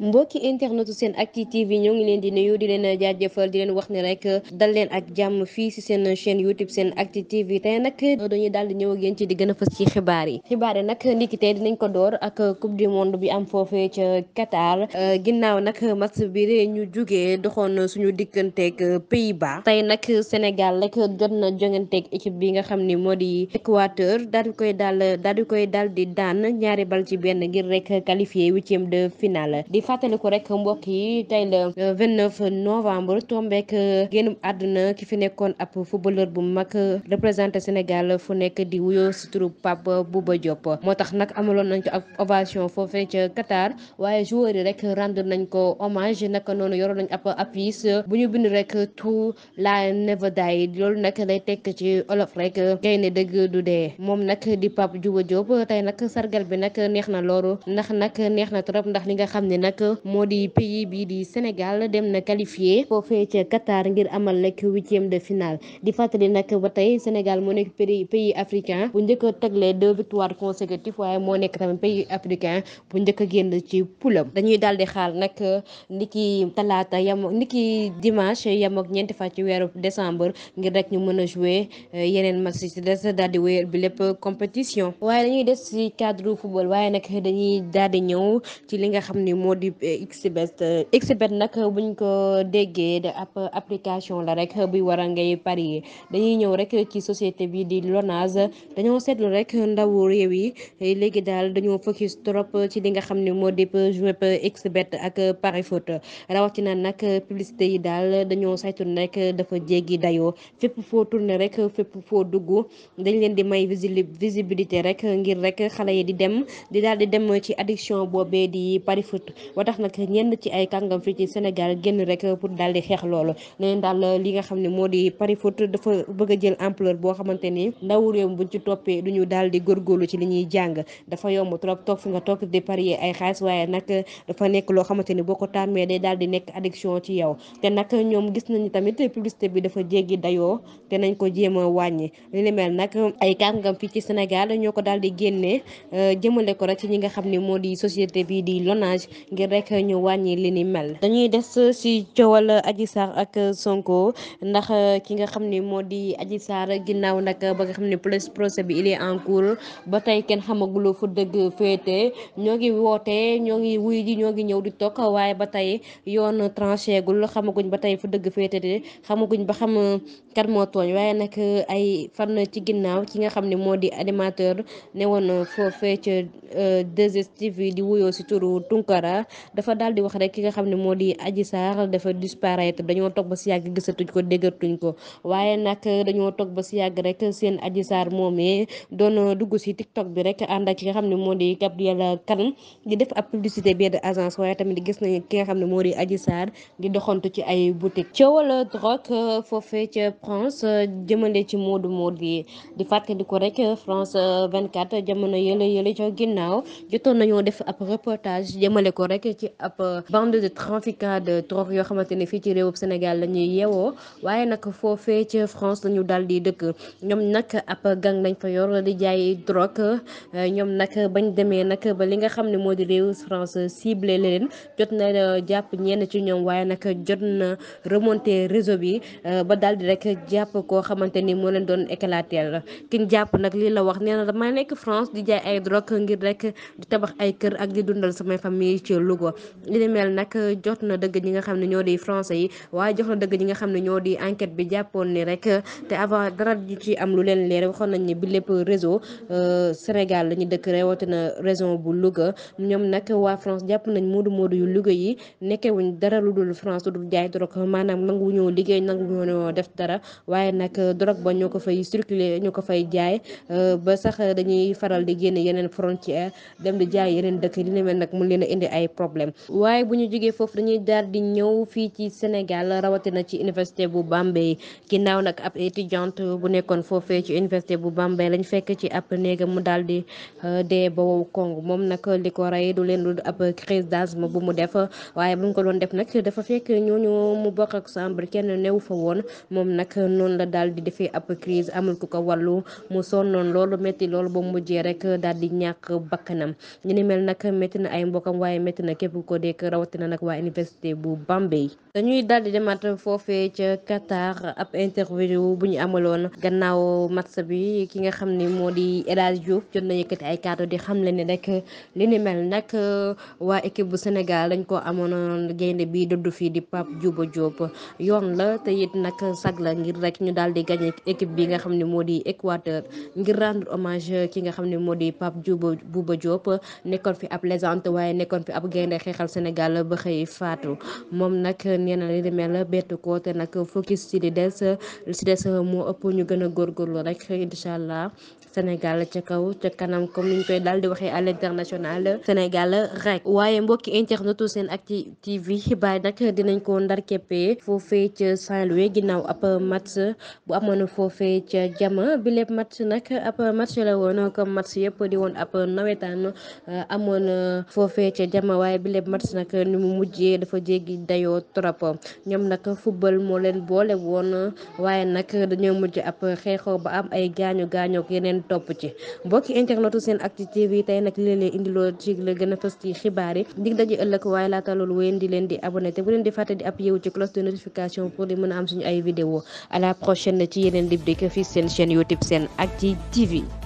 mbokki internetu seen acti tv ñoo ngi leen di nuyu di leen jaajëfal di leen wax ni rek dal leen ak jàmm fii si seen chaîne youtube seen acti tv tey nag dañuy daal di ñëw ak yéen ci di gën a fës ci xibaar yi xibaar yi nag ndiki tey dinañ ko door ak coupe du monde bi am foofee ca Qatar ginnaaw nag match bi ree ñu jugee doxoon suñu digganteeg Pays-Bas tey nag Sénégal rek jot na jonganteeg équipe bi nga xam ni moo di Équateur daal koy dal daal di koy daal di daan ñaari bal ci benn ngir rek qualifié huitième de finale fàttali ko rek mbokk yi tey la 29 euh, novembre tombeek euh, génn àdduna ki fi nekkoon ab footballeur bu mag euh, représenté Sénégal fu nekk di wuyoo si pab bu ba Diop moo tax nag amaloon nañ ko ak ovation foofee ca Qatar waaye joueur yi rek rendre nañ ko hommage naka noonu yoroon nañ ab appuis bu ñu bind rek tout la never die loolu nag lay tekk ci olof rekk gaynde dëgg du dee moom nag di Pape Bouba Diop tey nag sargal bi nag neex na loolu ndax nag neex na trop ndax li nga nag moo di pays bii di Sénégal dem na qualifié foofee ca Qatar ngir amal rek huitième de finale di fàttali nag ba tey Sénégal moo nekk pays africain bu njëkk a tegle deux victoires consécutives waaye moo nekk tamit pays africain bu njëkk a génn ci poulam dañuy daal di xaar nag niki talaata yam niki dimanche yam ak ñeenti fa ci weeru décembre ngir rek ñu mën a jouer eh, yeneen match ci des daal bi lépp compétition waaye dañuy des ci cadre football waaye di eh, xbet eh, xbet nag buñ ko déggee de ab application la rek buy war a ngay parier dañuy ñëw rek ci société bi di Lonase dañoo seetlu rek ndawu réew yi léegi daal dañoo focus trop ci li nga xam ne moo di joué xbet ak pari foot rawatina nag publicité yi daal dañoo saytu rek dafa jéggi dayoo fépp foo tourné rek fépp foo dugg dañ leen di may visibilité rek ngir rek xale yi di dem di daal dem ci addiction boobee di pari foot ba tax nag ñenn ci ay kàngam fii ci Sénégal génn rek pour daal di xeex loolu li nga xam ne moo di pari foot dafa bëgg jël ampleur boo xamante ni ndaw réew buñ ci toppee du ñu daal di góorgóorlu ci li ñuy jàng dafa yomb trop fi nga toog di parier ay xaalis waaye nag dafa nekk loo xamante ni boo ko tàmmee day daal di nekk addiction ci yow te nag ñoom gis nañu tamit publicité bi dafa jéggi dayoo te nañ ko jéem a wàññi li ni mel nag ay kàngam fii ci Sénégal ñoo ko daal di génnee euh, jëmale ko rek ci ñi nga xam ne moo di société bi di Lonase rek ñu wàññi li ni mel dañuy des si coowal aji Sarr ak Sonko ndax euh, ki nga xam ni moo di aji Sarr ginnaaw nag ba nga xam ne plus bi il est en cours ba tey kenn xamagul fu dëgg féete ñoo ngi woote ñoo ngi wuy ji ñoo ngi ñëw di toog waaye ba tey yoon tranché gul xamaguñ ba tey fu dëgg féete de xamaguñ ba xam euh, kan moo tooñ waaye nag euh, ay fan ci ginnaaw ki nga xam ne moo di animateur ne woon foofee ca 2 di wuyoo si turu Tunkara dafa daal di wax rek ki nga xam ne moo di aji Sarr dafa disparaître dañoo toog ba si yàgg gisatuñ ko déggatuñ ko waaye nag dañoo toog ba si yàgg rek seen Adji Sarr moomee doon dugg si TikTok bi rek ànd ak ki nga xam ne moo di Gabrielle Kane di def ab publicité benn agence waaye tamit gis nañ ki nga xam ne moo di Adji Sarr di doxantu ci ay boutique coowal drogue foofee ca France jëmale ci Modou Modou yi di fàttali ko rek France 24 jamono yële yële ca ginnaaw jotoon nañoo def ab reportage jëmale ko rek nekkee ci ab bande de trafiquants de drogue yoo xamante ne fii ci réewum Sénégal la ñuy yeewoo waaye nag foofee ci France la ñu daal di dëkk ñoom nag ab gang dañ fa yor di jaay drogue ñoom nag bañ demee nag ba li nga xam ne moo di réew France ciblé leen jot na euh, jàpp ñenn ci ñoom waaye nag jot na remonté réseau bi euh, ba daal di rek jàpp koo xamante ni moo leen doon éclater kiñ jàpp nag lii la wax nee na nekk France di jaay ay drogue ngir rek di tabax ay kër ak di dundal samay famille ci Louga li jot na dëgg ñi nga xam ne ñoo di français yi waaye jox na dëgg nga xam ne ñoo di enquête bi jàppoon ni rek te avant dara ñu ci am lu leen leer waxoon nañ ni bi lépp réseau euh, Sénégal la ñu dëkk rawatina région bu Louga ñoom nag waa France jàpp nañ moodu moodu yu Louga yi nekkewuñ dara lu dul France du dul jaay drogue maanaam nangu ñoo liggéey nangu ñoo def dara waaye nag drogue ba ñoo ko fay circuler ñu ko fay jaay euh, ba sax dañuy faral di génne yeneen frontière dem di jaay yeneen dëkk li ne mel nag mun leen a indi ay problème waaye bu ñu jógee foofu dañuy daal di ñëw fii ci Sénégal rawatina ci université bu Bambey ginnaaw nag ab étudiante bu nekkoon foofee ci université bu Bambey lañ fekk ci ab néegam mu daal di euh, dee ba wow moom nag li ko rey du leen du ab crise d'asthme bu mu def waaye bu mu ko doon def nag dafa fekk ñooñu mu bokk ak sembre kenn newu fa woon moom nag noonu la daal di defee ab crise amul ku ko wàllu mu sonnoon loolu métti loolu ba mujjee rek daal di ñàkk bakkanam ñu mel nag métti na ay mbokam waaye métti rawatina képp ko dekk rawatina nag waa université bu Bambey dañuy daal di demaat foofee ca Qatar ab interview bu ñu amaloon gannaaw match bi ki nga xam ne moo di El Hadj Diouf na yëkkati ay kàddu di xamle ne rek li ni mel nag waa équipe bu Sénégal dañ ko amoon gaynde bi dëddu fii di Pape Djibo Diop yoon la te it nag sag la ngir rek ñu daal di gagné équipe bi nga xam ne moo di Équateur ngir rendre hommage ki nga xam ne moo di Pape Djibo Bouba nekkoon fi ab légende waaye nekkoon fi ab gaynde xeexal Sénégal ba xëy faatu moom nag nee na li di mel bett ko te nag focus ci di des ci des moo ëpp ñu gën a góorgóorlu rek incha allah Sénégal ca kaw ca kanam comme ni ñu koy dal di waxee à l'international Sénégal rek waaye mbokki internetu seen acti TV xibaar nag dinañ ko ndar keppee foofee ca Saint-Louis ginnaaw ab match bu amoon foofee ca jama bi lépp match nag ab match la woon comme match yëpp di woon ab nawetaan amoon waaye bi lépp match nag ni mu mujjee dafa jéggi dayoo trop ñoom nag football moo leen boole woon waaye nag dañoo mujj ab xeexoo ba am ay gaañu gaañoo ak yeneen topp ci mbokki internetu seen acti tv tey nag li leen indiloo ci la gën a fës ci xibaar yi dig daje ëllëg waaye laata loolu wéyeen di leen di abonné te bu leen di fàtte di ab yeewu ci cloche de notification pour di mën a am suñu ay vidéo à la prochaine ci yeneen rubrique fii seen chaîne youtube seen acti tv